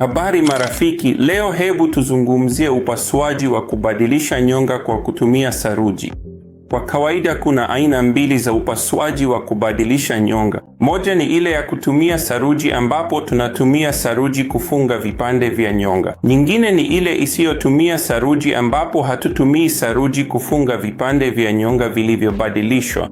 Habari marafiki, leo hebu tuzungumzie upasuaji wa kubadilisha nyonga kwa kutumia saruji. Kwa kawaida kuna aina mbili za upasuaji wa kubadilisha nyonga. Moja ni ile ya kutumia saruji ambapo tunatumia saruji kufunga vipande vya nyonga. Nyingine ni ile isiyotumia saruji ambapo hatutumii saruji kufunga vipande vya nyonga vilivyobadilishwa.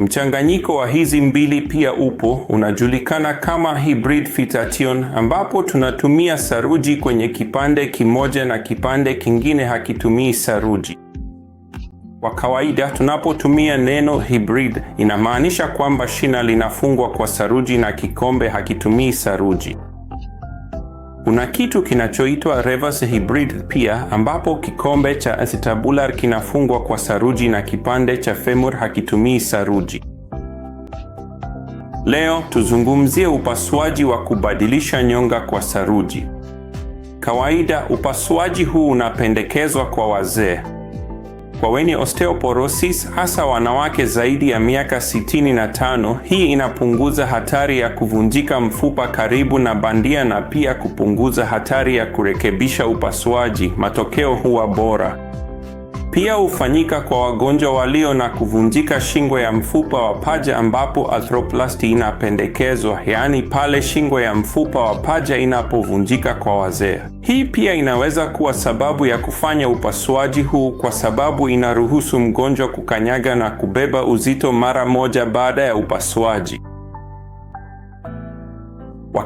Mchanganyiko wa hizi mbili pia upo unajulikana kama hybrid fitation, ambapo tunatumia saruji kwenye kipande kimoja na kipande kingine hakitumii saruji. Kwa kawaida tunapotumia neno hybrid inamaanisha kwamba shina linafungwa kwa saruji na kikombe hakitumii saruji. Kuna kitu kinachoitwa reverse hybrid pia, ambapo kikombe cha acetabular kinafungwa kwa saruji na kipande cha femur hakitumii saruji. Leo tuzungumzie upasuaji wa kubadilisha nyonga kwa saruji. Kawaida upasuaji huu unapendekezwa kwa wazee. Kwa wenye osteoporosis, hasa wanawake zaidi ya miaka 65, hii inapunguza hatari ya kuvunjika mfupa karibu na bandia na pia kupunguza hatari ya kurekebisha upasuaji. Matokeo huwa bora. Pia hufanyika kwa wagonjwa walio na kuvunjika shingo ya mfupa wa paja ambapo arthroplasty inapendekezwa, yaani pale shingo ya mfupa wa paja inapovunjika kwa wazee. Hii pia inaweza kuwa sababu ya kufanya upasuaji huu kwa sababu inaruhusu mgonjwa kukanyaga na kubeba uzito mara moja baada ya upasuaji.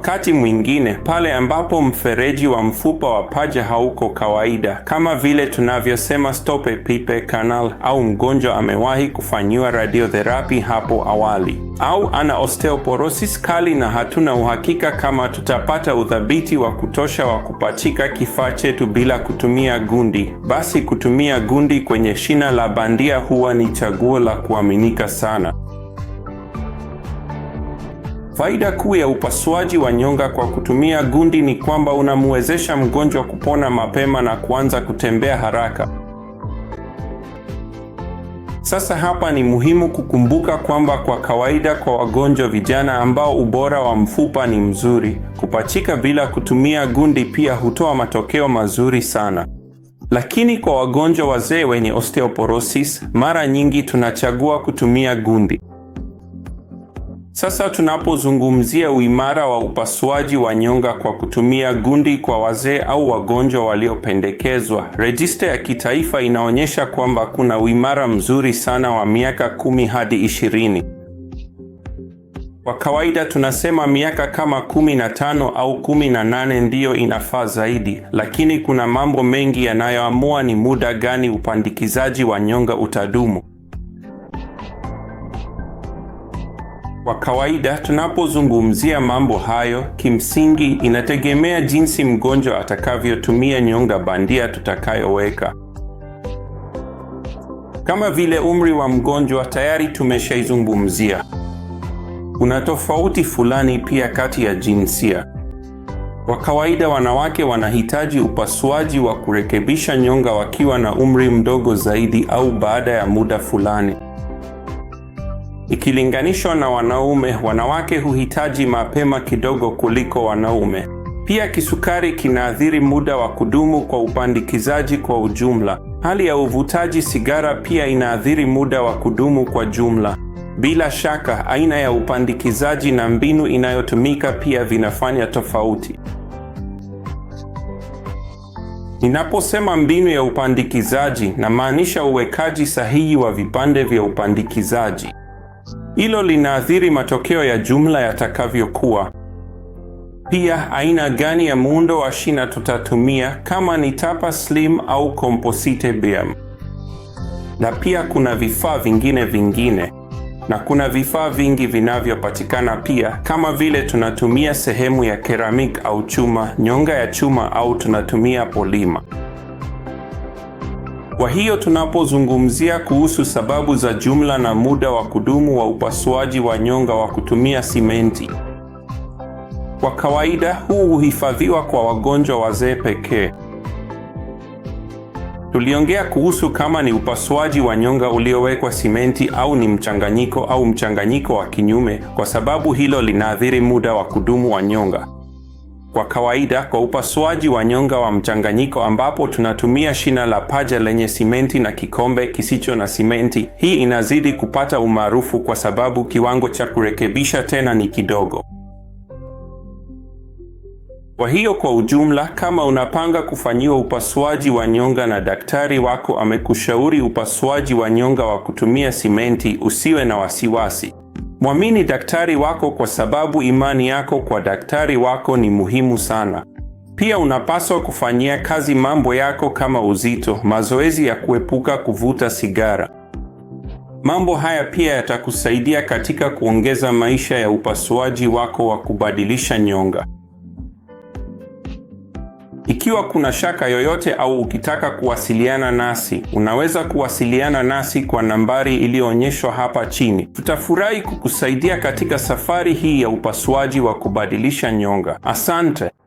Wakati mwingine pale ambapo mfereji wa mfupa wa paja hauko kawaida, kama vile tunavyosema stope pipe canal, au mgonjwa amewahi kufanyiwa radiotherapy hapo awali, au ana osteoporosis kali na hatuna uhakika kama tutapata udhabiti wa kutosha wa kupachika kifaa chetu bila kutumia gundi, basi kutumia gundi kwenye shina la bandia huwa ni chaguo la kuaminika sana. Faida kuu ya upasuaji wa nyonga kwa kutumia gundi ni kwamba unamwezesha mgonjwa kupona mapema na kuanza kutembea haraka. Sasa hapa ni muhimu kukumbuka kwamba kwa kawaida kwa wagonjwa vijana ambao ubora wa mfupa ni mzuri, kupachika bila kutumia gundi pia hutoa matokeo mazuri sana. Lakini kwa wagonjwa wazee wenye osteoporosis, mara nyingi tunachagua kutumia gundi. Sasa tunapozungumzia uimara wa upasuaji wa nyonga kwa kutumia gundi kwa wazee au wagonjwa waliopendekezwa, rejista ya kitaifa inaonyesha kwamba kuna uimara mzuri sana wa miaka kumi hadi ishirini. Kwa kawaida tunasema miaka kama 15 au 18 ndiyo inafaa zaidi, lakini kuna mambo mengi yanayoamua ni muda gani upandikizaji wa nyonga utadumu. Kwa kawaida tunapozungumzia mambo hayo, kimsingi inategemea jinsi mgonjwa atakavyotumia nyonga bandia tutakayoweka. Kama vile umri wa mgonjwa tayari tumeshaizungumzia. Kuna tofauti fulani pia kati ya jinsia. Kwa kawaida wanawake wanahitaji upasuaji wa kurekebisha nyonga wakiwa na umri mdogo zaidi au baada ya muda fulani. Ikilinganishwa na wanaume, wanawake huhitaji mapema kidogo kuliko wanaume. Pia kisukari kinaathiri muda wa kudumu kwa upandikizaji kwa ujumla. Hali ya uvutaji sigara pia inaathiri muda wa kudumu kwa jumla. Bila shaka, aina ya upandikizaji na mbinu inayotumika pia vinafanya tofauti. Ninaposema mbinu ya upandikizaji, namaanisha uwekaji sahihi wa vipande vya upandikizaji. Hilo linaathiri matokeo ya jumla yatakavyokuwa. Pia aina gani ya muundo wa shina tutatumia, kama ni tapa slim au composite beam. Na pia kuna vifaa vingine vingine, na kuna vifaa vingi vinavyopatikana pia, kama vile tunatumia sehemu ya keramik au chuma, nyonga ya chuma, au tunatumia polima. Kwa hiyo tunapozungumzia kuhusu sababu za jumla na muda wa kudumu wa upasuaji wa nyonga wa kutumia simenti, kwa kawaida huu huhifadhiwa kwa wagonjwa wazee pekee. Tuliongea kuhusu kama ni upasuaji wa nyonga uliowekwa simenti au ni mchanganyiko au mchanganyiko wa kinyume, kwa sababu hilo linaathiri muda wa kudumu wa nyonga kwa kawaida kwa upasuaji wa nyonga wa mchanganyiko ambapo tunatumia shina la paja lenye simenti na kikombe kisicho na simenti. Hii inazidi kupata umaarufu kwa sababu kiwango cha kurekebisha tena ni kidogo. Kwa hiyo kwa ujumla, kama unapanga kufanyiwa upasuaji wa nyonga na daktari wako amekushauri upasuaji wa nyonga wa kutumia simenti, usiwe na wasiwasi. Mwamini daktari wako kwa sababu imani yako kwa daktari wako ni muhimu sana. Pia unapaswa kufanyia kazi mambo yako kama uzito, mazoezi ya kuepuka kuvuta sigara. Mambo haya pia yatakusaidia katika kuongeza maisha ya upasuaji wako wa kubadilisha nyonga. Ikiwa kuna shaka yoyote au ukitaka kuwasiliana nasi, unaweza kuwasiliana nasi kwa nambari iliyoonyeshwa hapa chini. Tutafurahi kukusaidia katika safari hii ya upasuaji wa kubadilisha nyonga. Asante.